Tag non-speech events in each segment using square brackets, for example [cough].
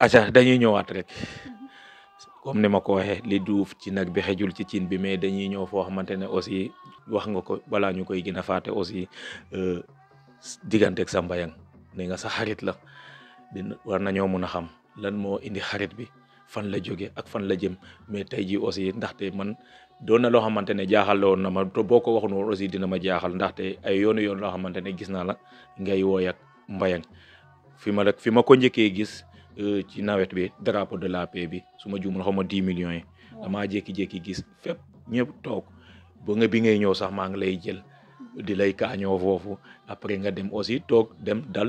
acca dañuy ñëwaat rek mm-hmm. comme ni ma ko waxee li duuf ci nag bi xejul ci cin bi mais dañuy ñëw foo xamante ne aussi wax nga ko balaa ñu koy gën a fàtte aussi euh, digganteeg sa mbayang ne nga sa xarit la dina war nañoo mun a xam lan moo indi xarit bi fan la jóge ak fan la jëm mais tey ji aussi ndaxte man doon na loo xamante ne jaaxal woon na ma to boo ko waxoon woon aussi dina ma jaaxal ndaxte ay yoonu yoon loo xamante ne gis naa la ngay wooy ak mbayang fi ko njëkkee gis Euh, ci nawet bi drapeau de la paix bi su ma juumul xaw ma dix millions yi damaa jékki-jékki gis fépp ñëpp toog ba nga bi ngay ñëw sax maa ngi lay jël di lay kaañoo foofu après nga dem aussi toog dem dal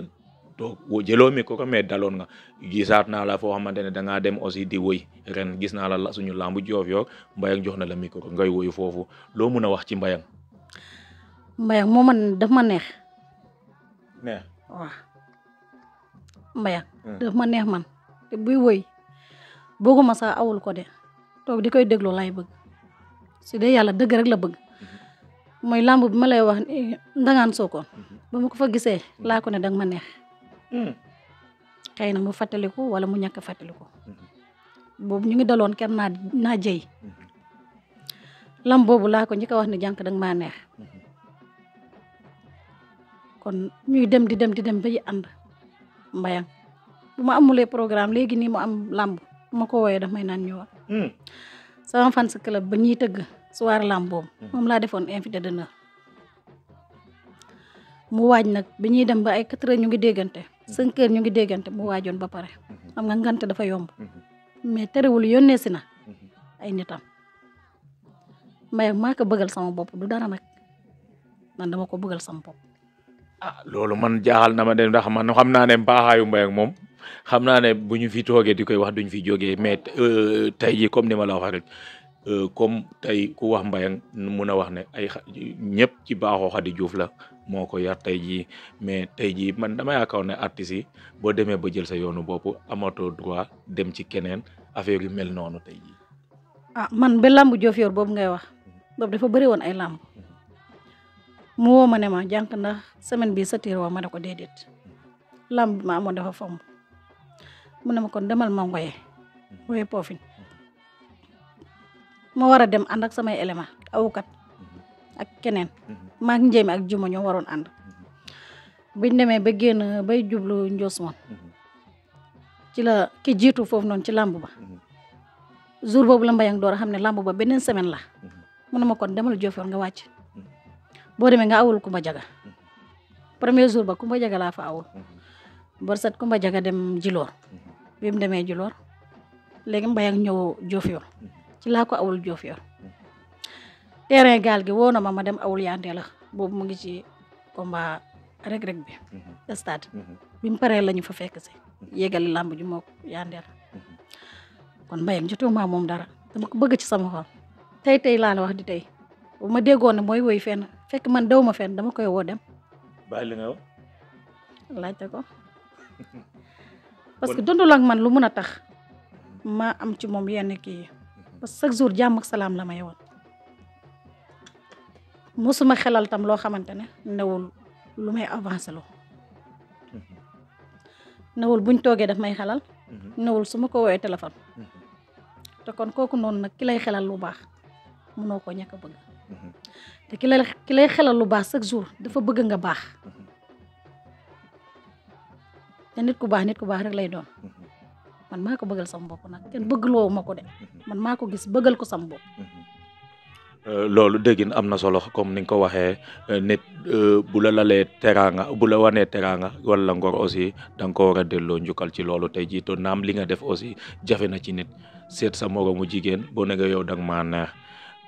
toog jëloo mi ko ko mais daloon nga gisaat naa la foo xamante ne da ngaa dem aussi di woy ren gis naa la suñu lamb joof yoor mbayang jox na la micro ngay woy foofu loo mun a wax ci mbayang mbayang moo man daf ma neex neex mbayax mm. daf ma neex man te buy woy bëgguma masaa awul ko de toog di koy déglu lay bëgg su dee yàlla dëgg rek la bëgg mm-hmm. mooy làmb bi ma lay wax eh, ndangaan soo ko mm-hmm. ba ma ko fa gisee laa ko ne dag ma neex mm. xëy na mu fàttaliku wala mu ñàkk fàttaliku mm-hmm. boobu ñu ngi daloon kenn naa naa jëy lam boobu laa ko njëkk a wax ne jànk danga maa neex kon ñuy dem di dem di dem ba yi ànd mbayang bu hmm. hmm. hmm. ma amulee programme légui ni mo am lamb ma ko woyé mainan may ñu wa sama fan club ba ñuy tëgg soir lamb boobu. mom la defoon invité d'honneur mu waj nak bi ñi dem ba ay 4h ñu ngi dégganté 5h ñu ngi dégganté mu waajoon ba paré xam nga nganté dafa yomb mais wul yónnee si na ay nitam mbayang mako bëggal sama bop du dara nak man dama ko bëggal sama bop ah loolu man jaaxal na ma de ndax man xam naa ne mbaaxaayu mbay ak moom xam na ne bu ñu fi toogee di koy wax duñ fi jógee mais euh, tey jii comme ni ma la wax rek euh, comme tey ku wax mbayang mun a wax ne ay ñëpp ci baaxoo Xadi Juuf la moo ko yar tey jii mais tey jii man dama yaakaar ne artistes yi boo demee ba jël sa yoonu bopp amatoo droit dem ci keneen affaire yu mel noonu tey jii. ah man ba làmb Diofior boobu ngay wax boobu dafa bëri woon ay làmb mu woo ma ne ma jànk ndax semaine bi sa tiir woo ma ne ko déedéet làmb bi ma amoon dafa fomm mu ne ma kon demal ma ngoye poofin ma war a dem ànd ak samay élément awukat ak keneen maa ngi ak juma waroon ànd biñ demee ba génn bay jublu njoos moon ci la ki jiitu foofu noonu ci làmb ba jour boobu la mbayang door a xam ne lamb ba beneen semaine la mu ne ma kon demal Diofior nga wàcc boo demee nga awul Kumba Jaga premier jour ba Kumba Jaga laa fa awul mhm. borsat Kumba Jaga dem Jiloor mhm. bi mu demee Jiloor léegi mbay ak ñëw Diofior mhm. ci laa awul Diofior terrain gaal gi woo na ma ma dem awul yaante la boobu mu ngi ci combat Reug bi stade bi mu paree la ñu fa fekk si yéegali làmb ji moo yaandeer kon mbayam jotuma moom dara dama ko bëgg ci sama xol tey tey laa la wax di tey bu ma déggoon mooy woy fenn fekk man dewuma ma dama koy woo dem. bàyyi li ko [laughs] parce que dundul man lu mun a tax ma am ci moom yenn kii mhm. parce que chaque jour jàmm ak salaam la may woon suma xelal tam loo xamante ne newul lu may avancé loo mhm. newul buñ toogee daf may xelal. Mhm. newul su ma ko woowee téléphone. te kon kooku noonu nag ki lay xelal lu baax munoo ko ñàkk a bëgg. te ki lay ki lay xelal lu baax chaque jour dafa bëgg nga baax te nit ku baax nit ku baax rek lay doon man maa ko bëggal sama bopp nag kenn bëgg loowu ma ko de man maa ko gis bëggal ko sama bopp. Euh, loolu déggin am na solo comme ni nga ko waxee nit euh, bu la lalee teraanga bu la wanee teraanga wala ngor aussi da nga ko war a delloo njukkal ci loolu tey jii to naam li nga def aussi jafe na ci nit seet sa moromu jigéen boo ne yow da maa neex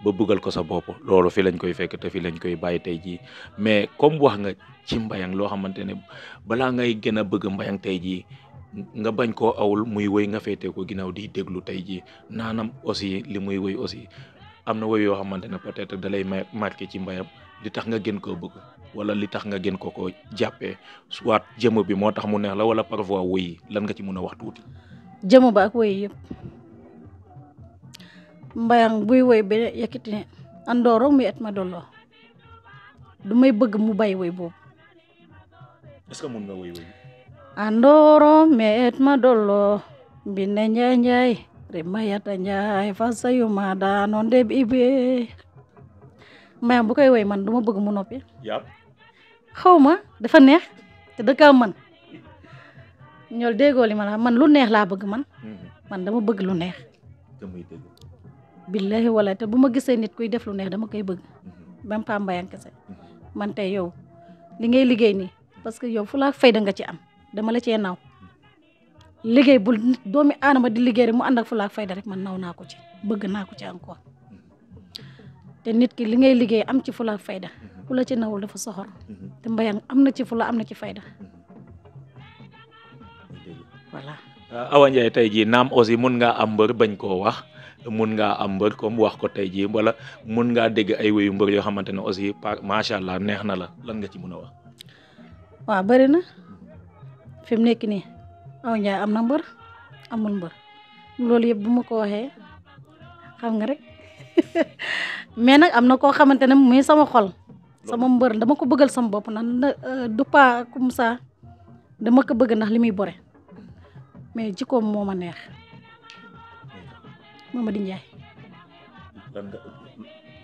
ba bëggal ko sa bopp loolu fi lañ koy fekk te fi lañ koy bàyyi tey jii mais comme wax nga ci mbayang loo xamante ne balaa ngay gën a bëgg mbayang tey jii nga bañ koo awul muy woy nga féetee ko ginnaaw di déglu tey jii naanam aussi li muy woy aussi am na woy yoo xamante ne peut-être da lay marqué ci mbayam li tax nga gën koo bëgg wala li tax nga gën ko ko jàppee soit jëmm bi moo tax mu neex la wala parfois woy yi lan nga ci mun a wax tuuti. jëmm ba ak woy yëpp. mbayang buy woy ba yëkkati ne andooro muy et ma dolloo du may bëgg mu bay woy boobu est-ce que ma dolloo mbine njaay njaay remayata njaay fa sayu ma daanoon deb ibe mbayang bu koy woy man duma bëgg mu noppi yàpp xaw dafa neex te dëkkaa man ñool déggoo li ma la man lu neex laa bëgg man mm-hmm. man dama bëgg lu neex billahi wala te bu ma gisee nit kuy def lu neex dama koy bëgg mhm. même pas mbayang kese mhm. man tey yow li ngay liggéey ni parce que yow fu laa fayda nga ci am dama la cee naw liggéey bu doomi aadama di liggéey rek mu ànd ak fu laa fayda rek man naw naa ko ci bëgg naa ko ci encore mhm. te nit ki li ngay liggéey am ci fu fayda ku ci nawul dafa soxor te mbayang am na ci fu la am na ci fayda voilà. Awa Ndiaye tey jii naam aussi mun nga am mbër bañ koo wax. mën nga am mbër comme wax ko tay ji wala mën nga dégg ay wéyu mbër yo xamantene aussi ma sha allah neex na la lan nga ci mëna wax. wa bari na fim mu nekk nii aw njaay am na mbër amul mbër loolu yeb bu ma ko waxee xam nga rek [laughs] mais nak amna ko xamantene muy sama xol. sama mbër dama ko bëggal sama bop nan euh, du pa comme ça dama ko bëgg ndax limuy boré bore mais jikko moma neex. Mamady Ndiaye. lan nga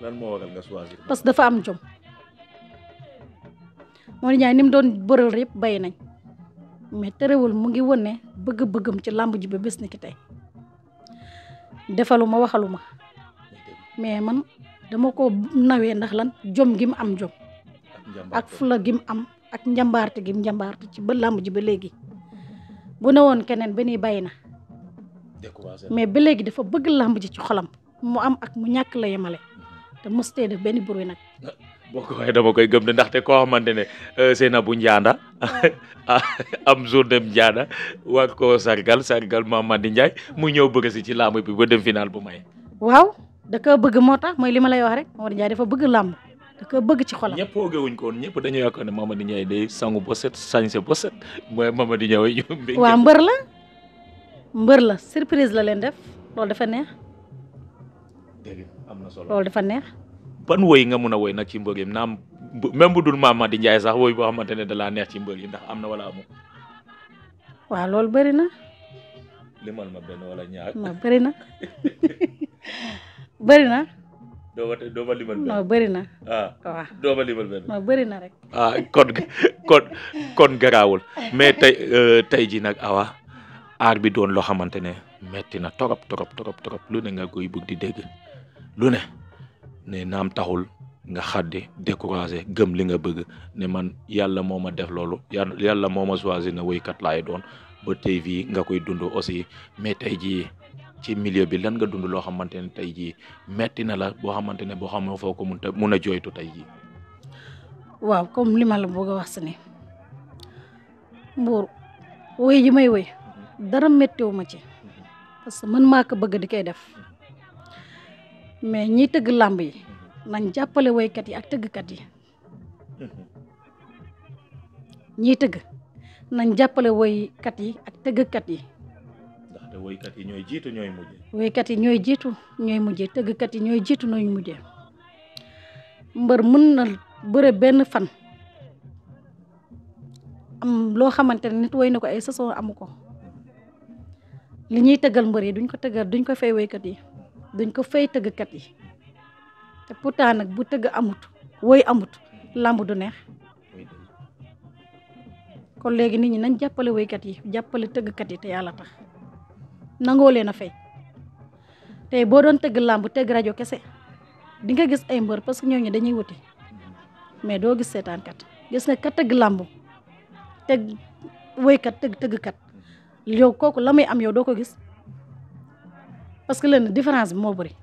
lan moo waral nga choisir. parce que dafa am jom. Mamady Ndiaye ni mu doon bëral yëpp bay nañ mais terewul mu ngi wone bëgg-bëggam ci làmb ji ba bés ni ki tey defaluma waxaluma mais man dama ko nawee ndax lan jom gi mu am jom. ak fula gi mu am ak njàmbaarte gi mu njàmbaarte ci ba làmb ji ba léegi bu newoon keneen ba nii mais ba légui dafa bëgg lamb ji ci xolam mu am ak mu ñak la yemale té musté def benn bruit nak [laughs] boko ko dama koy gëm ne ndaxte koo euh Seyna bu [laughs] am journée Ndianda wa ko sargal sargal Mamad Ndiaye mu ñëw bëgg ci lamb bi ba dem final bu may waw da ko bëgg motax moy lima lay wax rek Mamadi Ndiaye dafa bëgg lamb da ko bëgg ci xolam ogé wuñ ko woon ñëpp dañoo yaakaar ne sangu bo set sañse bo set mooy Mamadi Ndiaye wa mbeur la mbër la surprise la leen def loolu dafa neex. am na solo dafa neex. ban woy nga mun a woy nag ci mbër yi naam même bu dul Mamady Ndiaye sax woy boo xamante ne da laa neex ci mbër yi ndax am na wala amul. waaw loolu bëri na. limal ma benn wala ñaar. non na [laughs] bëri na. doo ma doo ma limal na. ah waaw doo na rek. ah kon kon kon garaawul mais tey euh, tey nag awa. aar bi doon loo xamante ne metti na torop torop torop torop lu nga koy bëgg di dégg ne ne naam taxul nga xaddi découragé gëm li nga bëgg ne man yàlla moo ma def loolu yàlla moo ma choisir na woykat laay doon ba tey fii nga koy dund aussi mais tey jii ci milieu bi lan nga dund loo xamante ne tey jii metti na la boo xamante ne boo xam ne foo ko mun a mun a jooytu tey jii. waaw comme li ma la bëgg wax si ne mbuur woy ji may woy dara méttiwu ma ci parce que man maa ko bëgg di koy def mais ñiy tëgg làmb yi nañ jàppale woykat yi ak tëggkat yi ñiy tëgg nañ jàppale kat yi ak tëggkat yi. ndaxte woykat yi ñooy jiitu ñooy mujje. woykat yi tëggkat yi ñooy jiitu ñooy mujje mbër mën na bëre benn fan am loo xamante ne nit woy na ko ay saison amu ko. li ñuy tëggal mbër yi duñ ko tëggal duñ ko fay woykat yi duñ ko fay tëggkat yi te pourtant nag bu tëgg amut woy amut làmb du neex kon léegi nit ñi nañ jàppale woykat yi jàppale tëggkat yi te yàlla tax nangoo leen a fay te boo doon tëgg làmb tëgg rajo kese di nga gis ay mbër parce que ñooñu dañuy wuti mais doo gis seetaankat gis nga kat tëgg làmb tëgg woykat tëgg tëggkat yow kooku la muy am yow doo ko gis parce que leen différence bi moo bëri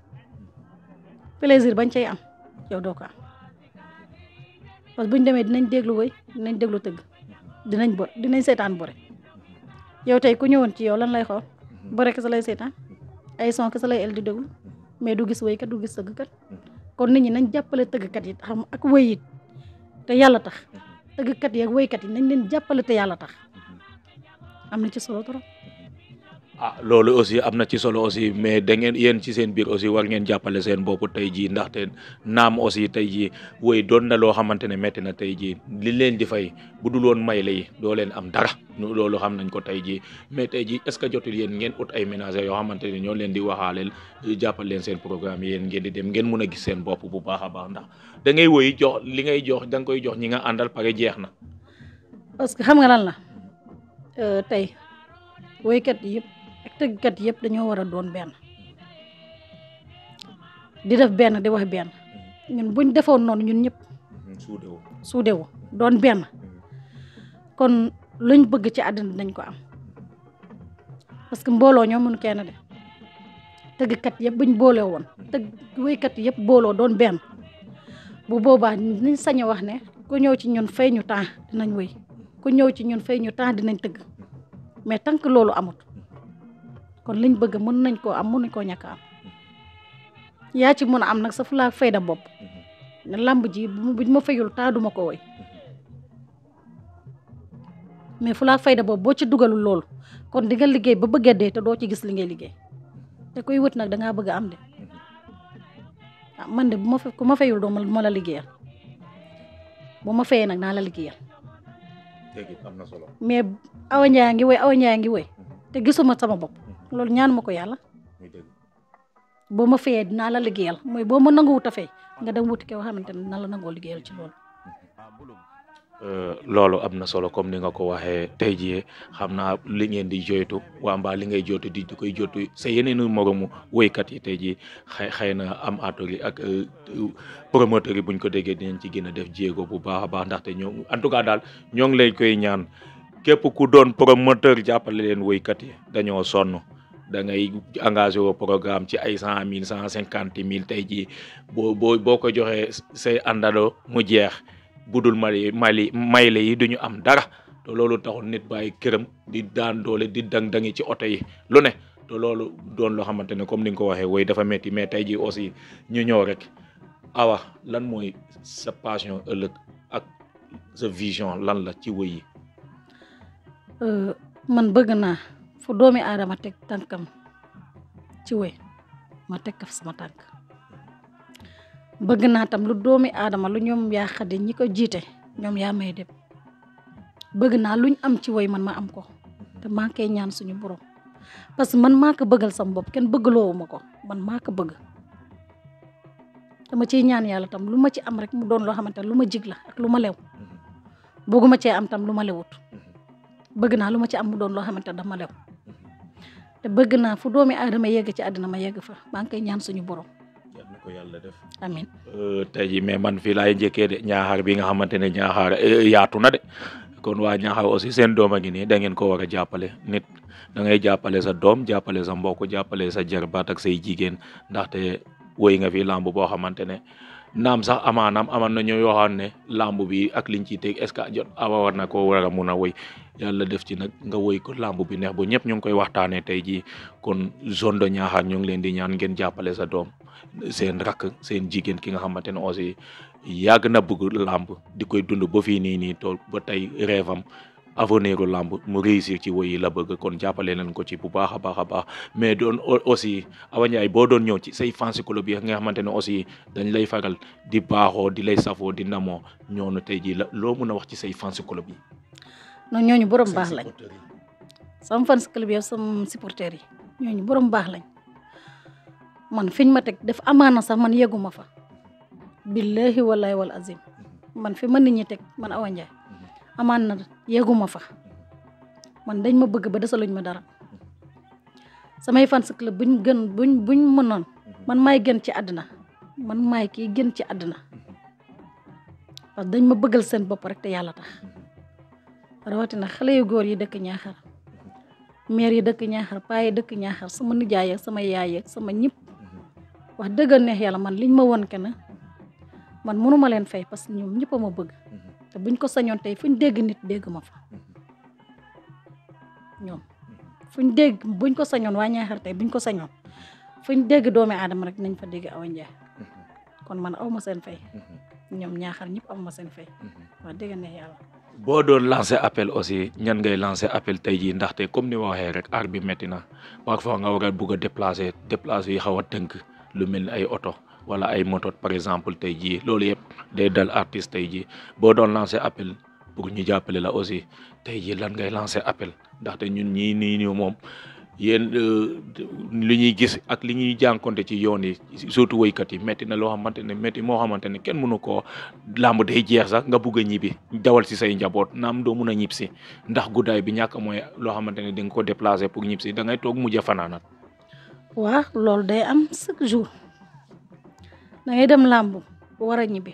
plaisir bañ cay am yow doo ko am parce que buñ demee dinañ déglu woy dinañ deglu tëgg dinañ bor dinañ seetaan bore yow tey ku ñëwoon ci yow lan lay xool bore kese lay seetaan ay son sa lay el di déglu mais du gis woykat du gis tëggkat kon nit ñi nañ jàppale tëggkat yi xam ak woy it te yàlla tax tëggkat yi ak woykat yi nañ leen jàppale te yàlla tax am na ci solo trop. ah loolu aussi am na ci solo aussi mais da ngeen yéen ci seen biir aussi war ngeen jàppale seen boppu tey jii ndaxte naam aussi tey jii woy doon na loo xamante ne métti na tey jii li leen di fay bu dul woon may lay doo leen am dara loolu xam nañ ko tey jii mais tey jii est-ce que jotul yéen ngeen ut ay ménager yo xamante ne ñoo leen di waxaaleel jàppal leen seen programme yéen ngeen di dem ngeen mun a gis seen bopp bu baax a baax ndax da ngay woy jox li ngay jox da koy jox ñi nga àndal pare jeex na. parce que xam nga lan la. tey woykat yëpp ak tëggkat yëpp dañoo war a doon benn di def benn di wax benn ñun buñ defoon noonu ñun ñëpp suudewu doon benn kon luñ bëgg ci àddina dañ ko am parce que mbooloo ñoo mënu kenn de tëggkat yëpp buñ boolee woon tëgg woykat yëpp bolo doon benn bu boobaa niñ sañ a wax ne ku ñëw ci ñun fay ñu temps dinañ wéy ku ñëw ci ñun fay ñu temps dinañ tëgg mais tant que loolu amut kon liñ bëgg mën nañ koo am nañ koo ñàkk am yaa ci mën a am nag sa fulaa fayda bopp ne làmb ji ma fayul temps duma ko woy mais fulaa fayda bopp boo ci dugalul loolu kon di liggéey ba bëggee dee te doo ci gis li ngay liggéey te koy wët nag dangaa bëgg am de ah man de bu ma fa ku ma fayul doo ma la liggéeyal bu ma fayee nag naa la liggéeyal am na solo mais awa Ndiaye ngi woy awa Ndiaye ngi woy mhm. te gisuma sama bopp mhm. loolu ñaan ma ko yàlla boo ma fayee dinaa la liggéeyal mooy boo ma nanguwut a fay nga dem wuti koo xamante ne dina la nangoo liggéeyal ci loolu mhm. ah, Euh, loolu am na solo comme ni nga ko waxee tey jii xam naa li ngeen di joytu waa mbaa li ngay jootu di koy jootu sa yeneen moromu woykat yi tey jii xay xëy na am ator yi ak euh, promoteur yi buñ ko déggee dinañ ci gën a def jéego bu baax a baax ndaxte ñoo en tout cas daal ñoo ngi lay koy ñaan képp ku doon promoteur jàppale leen woykat yi dañoo sonn da ngay engagé au programme ci ay cent mille cent cinquante mille tey jii boo boo boo ko joxee say àndalo mu jeex bu dul mali mali mayle yi duñu am dara te loolu taxoon nit bàyyi këram di daan doole di dang-dangi ci oto yi lu ne te loolu doon loo xamante ne comme ni nga ko waxee woy dafa metti mais tey jii aussi ñu ñëw rek awa lan mooy sa passion ëllëg ak sa vision lan la ci woy yi euh, man bëgg naa fu doomi aadama teg tànkam ci woy ma teg kaf sama tànk bëgg naa tam lu doomi aadama lu ñoom yaa xadi ñi ko jiite ñoom yaa may dem bëgg naa luñ am ci woy man ma am ko te maa koy ñaan suñu borom parce que man maa ko bëggal sam bopp kenn bëggaloowu ma ko man maa ko bëgg dama ciy ñaan yàlla tam lu ma ci am rek mu doon loo xamante ne lu ma jigla ak lu ma lew bëgguma cee am tam lu ma lewut bëgg naa lu ma ci am mu doon loo xamante ne dama lew te bëgg naa fu doomi aadama yegg ci àddina ma yegg fa maa ngi ñaan suñu borom ko yàlla def. amiin euh, tey jii mais man fii laay njëkkee de ñaaxaar bi nga xamante ne ñaaxaar euh, yaatu na de kon waa ñaaxaar aussi seen doom a ngi nii da ngeen ko war a jàppale nit da ngay jàppale sa doom jàppale sa mbokk jàppale sa jarbaat ak say jigéen ndaxte woy nga fi làmb boo xamante ne. naam sax amaanaam aman na ñoo yoo xam ne làmb bi ak liñ ciy teg est ce que jot awa war na ko war a mun a woy yàlla def ci nag nga woy ko làmb bi neex bo ñëpp ñu ngi koy waxtaanee tey jii kon zone de Niakhar ñu ngi leen di ñaan ngeen jàppale sa doom seen rakk seen jigéen ki nga xamante ne aussi yàgg na bëgg làmb di koy dund ba fii nii nii tool ba tey rêve am avenir u làmb mu réussir ci woyi la bëgg kon jàppale leen ko ci bu baax a baax a baax mais doon aussi Awa Ndiaye boo doon ñëw ci say fans club yi nga xamante ne aussi dañ lay faral di baaxoo di lay safoo di namoo ñoonu tey jii la loo mun a wax ci say fans club yi. non ñooñu borom baax lañ. sama fans club yi sama supporters ñooñu borom baax lañ. man fiñ ma tek def amana sax man yeguma fa billahi wallahi wal azim man fi ma nit tek man Awa amana amaan yeguma fa man dañ ma bëgg ba desaluñ ma dara samay fans club buñ gën buñ buñ mënon man may gën ci aduna man may ki gën ci aduna parce dañ ma bëggal seen bop rek te yalla tax na xalé yu goor yi dëkk ñaaxar mère yi dëkk ñaaxar paay yi dëkk ñaaxar sama nijaay sama yaay sama ñepp wax dëggal neex yàlla man liñ ma won kenn man mënuma leen fay parce que ñoom ñëpp a bëgg mhm. te buñ ko sañoon tey fuñ dégg nit dégg ma fa mhm. ñoom dégg buñ ko sañoon waa Ñaaxar tey buñ ko sañoon fuñ dégg doomi adama rek nañ fa dégg Awa Ndiaye mhm. kon man aw ma seen fay ñoom Ñaaxar ñëpp aw ma seen fay wax dëgg neex yàlla boo doon lancé appel aussi ñan ngay lancé appel tey jii ndaxte comme ni ma waxee rek aar bi métti na parfois nga war a bugg a déplacé déplacé yi xaw a tënk lu mel ni ay oto wala ay moto par exemple tey jii loolu yëpp day dal artiste tey jii boo doon lancer appel pour ñu jàppale la aussi tey jii lan ngay lancer appel ndaxte ñun ñii nii ñu moom yéen euh, li ñuy gis ak li ñuy jànkonte ci yoon yi surtout woykat yi métti na loo xamante ne métti moo xamante ne kenn mënu koo làmb day jeex sax nga bugg a ñibbi dawal si say njaboot naam doo mun a ñibbi si ndax gudaay bi ñàkk mooy loo xamante ne di nga ko déplacer pour ñibbi si da ngay toog mujj a fanaanat waa loolu day am chaque jour da ngay dem làmb war a ñibbi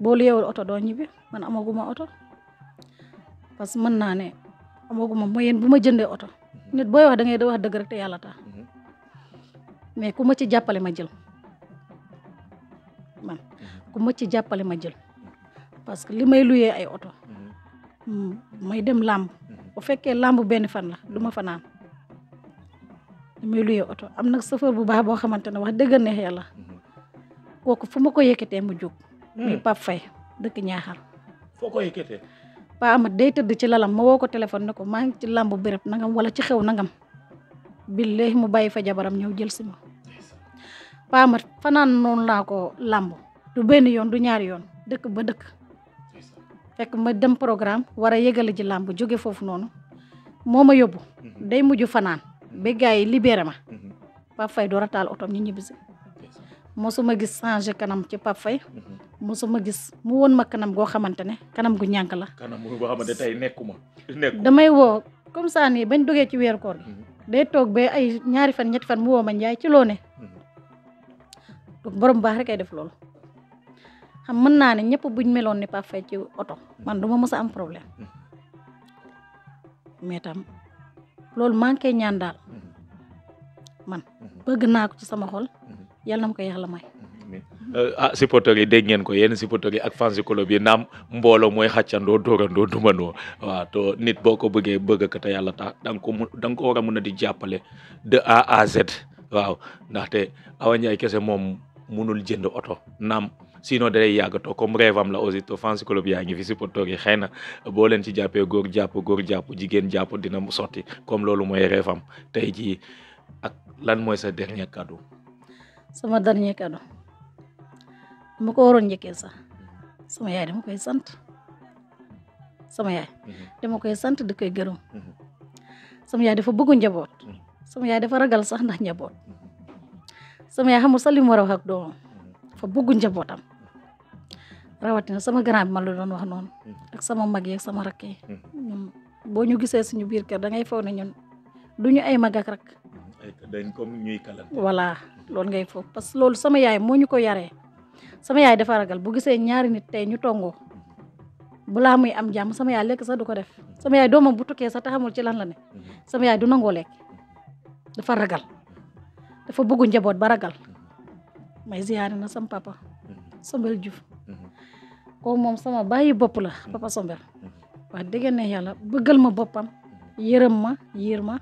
boo léewul oto doo ñibbi man amaguma oto parce que mën naa ne amaguma moyen bu ma jëndee oto nit booy wax da ngay da wax dëgg rek te yàlla tax mhm. mais ku ma ci jàppale ma jël man mhm. ku ma ci jàppale ma jël parce que li may luyee ay oto mhm. hmm, may dem làmb bu fekkee làmb benn fan la du ma fa muy luyee oto am nag chauffeur bu baax boo xamante ne wax dëgg neex yàlla kooku fu ma ko yëkkatee mu jóg. Hmm. muy Pape Faye dëkk Ñaaxar. foo ko Paa Amat day tëdd ci lalam ma woo ko téléphone ne ko maa ngi ci làmb béréb nangam wala ci xew nangam billahi mu bàyyi fa jabaram ñëw jël si ma. Paa Amat fanaan noonu laa ko làmb du benn yoon du ñaari yoon dëkk ba dëkk. fekk ma dem programme war a yëgale ji làmb jóge foofu noonu moo ma yóbbu. Hmm. day mujj fanaan. ba yi libéré ma mhm. Pape Faye door a taal otoom ñu ñibbisi mosuma gis changé kanam ci Pape Faye mhm. mosuma gis mu woon ma kanam goo xamante ne kanam gu ñànk la. kanam goo xamante damay woo comme ça nii bañ duggee ci weeru koor gi. Mhm. day toog ba ay ñaari fan ñetti fan mu woo ma njaay ci loone ne. borom baax rek ay def loolu. xam mën naa ne ñëpp buñ meloon ni Pape Faye ci oto. man du ma mës a am problème mais loolu manqué ñaan daal man bëgg naa ko ci sama xol yàlla na ma ko yàlla may. Euh, ah supporters yi dégg ngeen ko yenn supporters yi ak fans club yi naam mboolo mooy xàccandoo dóorandoo dumandoo waaw to nit boo ko bëggee bëgg ko te yàlla tax da nga ko mu da nga a mën a di jàppale de A à Z waaw ndaxte Awa Ndiaye kese moom munul jënd oto naam. sinon dalay yàggatoo comme rêve am la aussi fans club yaa ngi fi supporters yi xëy na boo leen ci jàppee góor jàpp góor jàpp jigéen jàpp dina mu sotti kom loolu mooy rêve am tey jii ak lan mooy sa dernier cadeau. sama dernier cadeau mu ko waroon njëkkee sax sama yaay dama sant sama yaay. Mhm. koy sant di koy gërëm. Mhm. sama yaay dafa bëggu njaboot. Mhm. sama yaay dafa ragal sax ndax njaboot. sama yaay xamul sax li mu fa bugg njabootam rawatina sama grand bi ma la doon wax noonu hmm. ak sama mag yi sama rakk yi hmm. boo ñu gisee suñu biir kër da ngay foog ne ñun du ñu ay mag rek rakk hmm. dañ loolu ngay foog parce que loolu sama yaay moo ñu ko yaree sama yaay dafa ragal bu gisee ñaari nit tey ñu tongoo balaa muy am jàmm sama yaay lekk sax du ko def sama yaay doomam bu tukkee taxamul ci lan la ne sama yaay du nangoo lekk dafa ragal dafa bëgg njaboot ba ragal may ziyaare na sama papa mhm. Sombel Diouf mhm. kooku moom sama bayi bopp la mhm. papa Sombel wax dëgg ne yàlla bëggal ma boppam yërëm ma yiir ma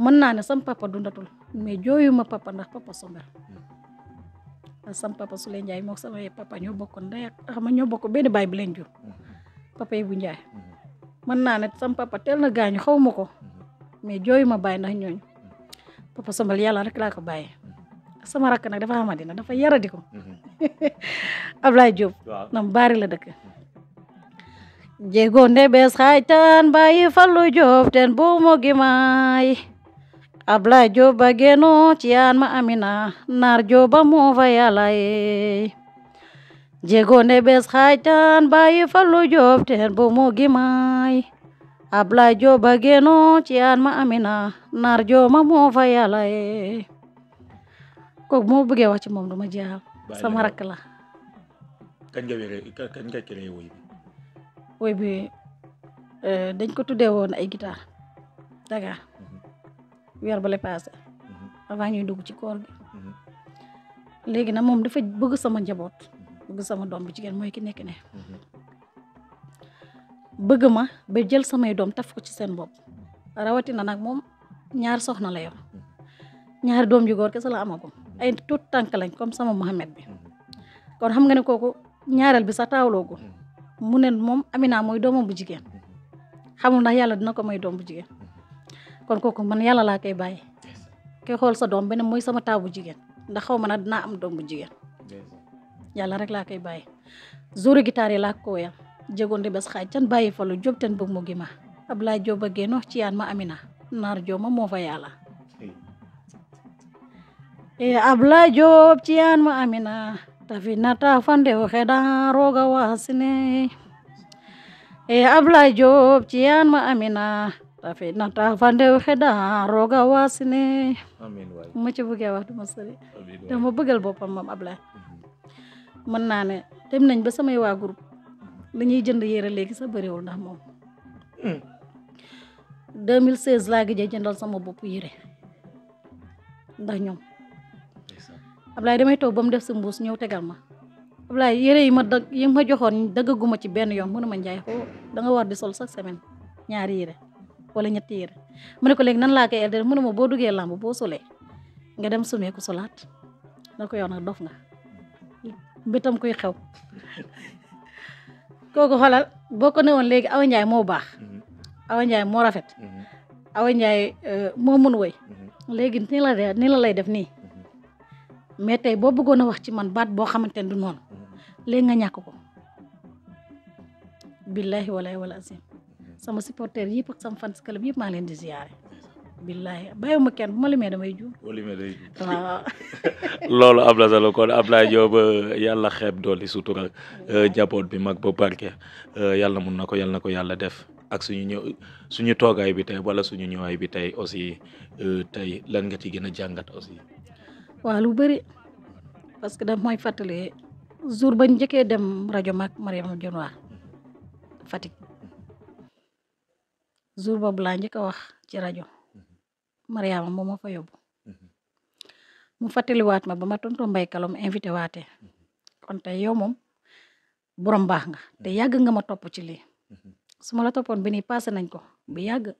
mën naa ne sama papa dundatul mais jooyu ma pappa ndax pappa Sombel sam papa Souley Ndiaye moom sama papa ñoo bokk ndey ak xam ah, ñoo bokk benn baay bi leen jur papa yi bu Ndiaye mën naa ne sam papa teel na gaañu xaw ma ko mais jooyu ma bàyyi ndax ñooñu papa Sombel yàlla rek laa ko bàyyi sama rakk nag dafa xamante ne dafa yaradi ko mhm. [laughs] Ablaye Diop la dëkk jego nde ɓes xaaj tan bàyyi fallu Diop ten bu mogi maay Ablaye Diop ba ma amina naar Diop ma amina naar ko mo ma wax ci mom duma ma sama rak la. Kan nga wéré kan nga créé woy bi. woy bi dañ ko tuddé woon ay guitar daga weer ba passé avant ñuy dugg ci koor bi dafa bëgg sama njabot bëgg sama dom ci gën moy ki nekk né bëgg ma ba jël sama dom taf ko ci seen rawati na nak mom ñaar soxna la mhm. yow ñaar dom ju gor kessa la amako ay tuut tànk lañ comme sama Mohamed bi kon xam nga ne kooku ñaareel bi sax taawloo ko mu ne moom Amina mooy doomam bu jigéen xamul ndax yàlla dina ko moy doom bu jigéen kon kooku man yàlla laa koy bàyyi ke xool sa doom beneen mooy sama taaw bu jigéen ndax xaw ma nag dinaa am doom bu jigéen yàlla rek laa koy bàyyi zoro guitare laa koya woyal jegoon di bes xaaj can bàyyi fa lu jóg ten bëgg mu gi ma Ablaye Diop a génn ci yaan ma Amina naar joo ma moo fa yàlla e abla job cian ma amina tapi nata fande o kheda roga wasine. e abla job cian ma amina tapi nata fande o kheda roga wasine. amin Mau coba ci bëgge wax dama sori mau bapak mam abla mën tapi ne besok mau ba samay waa groupe lagi ñuy jënd yére léegi sa bëriwul ndax moom 2016 lagi gëjee jëndal sama bapak yére Dah nyom. Ablaye damay toog ba mu def sa mbuus ñëw tegal ma Ablaye yére yi ma dagg yi ma joxoon daggaguma ci benn yoon mënuma njaay xoo da nga war di sol chaque semaine ñaari yére wala ñetti yére mu ne ko léegi nan laa koy eldee mënuma boo duggee làmb boo solee nga dem sumee ko solaat na ko yow nag dof nga mbitam kuy xew [laughs] kooku xoolal boo ko newoon léegi Awa Ndiaye moo baax mm-hmm. Awa Ndiaye moo rafet mm-hmm. Awa Ndiaye euh, moo mun woy mm-hmm. léegi ni la de ni la lay def nii mais tey boo bëggoon a wax ci man baat boo xamante ne du noonu lee nga ñàkk ko billaahi walaay wala asim sama supporter yëpp ak sama fans club yëpp maa leen di ziyaare billaahi bàyyiwuma kenn bu ma damay juum bu ma [laughs] loolu am na solo kon Ablaye Diop euh, yàlla xeeb dooli sutura euh, bi mag ba barke euh, yàlla mun na ko yàlla na ko yàlla def ak suñu ñëw suñu toogaay bi tey wala suñu ñëwaay bi tey aussi tey lan nga ci gën a jàngat aussi walu lu parce que daf may jour ba jëké dem rajo mak mariam Jon fatik jour bob la ñëk wax ci radio mariam moom moo fa yóbbu mu wat ma bama tonto mbay e kalam invité waté kon tay yow mom borom bax nga te yag nga ma top ci li suma la topone bi passé nañ ko bu yag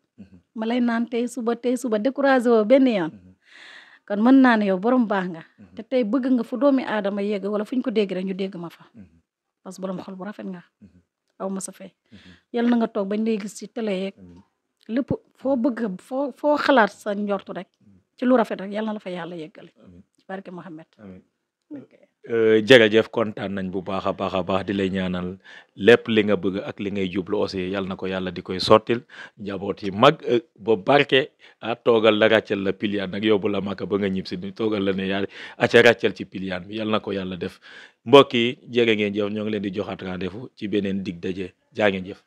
ma lay suba tey suba décourager wo ben yoon kon mën naa ne yow borom baax nga mhm. te tey bëgg nga fu doomi aadama yegg wala fu ñu ko dégg rek ñu dégg ma fa mhm. parce que borom xol bu rafet nga mhm. aw ma sa fay yal na nga toog bañ lay si ci télé yeeg lépp foo bëgg foo foo xalaat sa njortu rek ci lu rafet rek yal la fa yàlla yeggale ci barke Mohamed Euh, jërëjëf kontaan nañ bu baax a baax a baax di lay ñaanal lépp li nga bëgg ak li ngay jublu aussi yal na ko yàlla di koy sottil njaboot yi mag euh, ba barke a ah, toogal la ràccal la pilian nag yobu la maka ba nga ñib si toogal la ne yaa aca ràccal ci pilian bi yal na ko yàlla def mbokk yi jërë ngeen jëf ñoo ngi leen di joxaat rendez ci beneen dig daje jaa ngeen jëf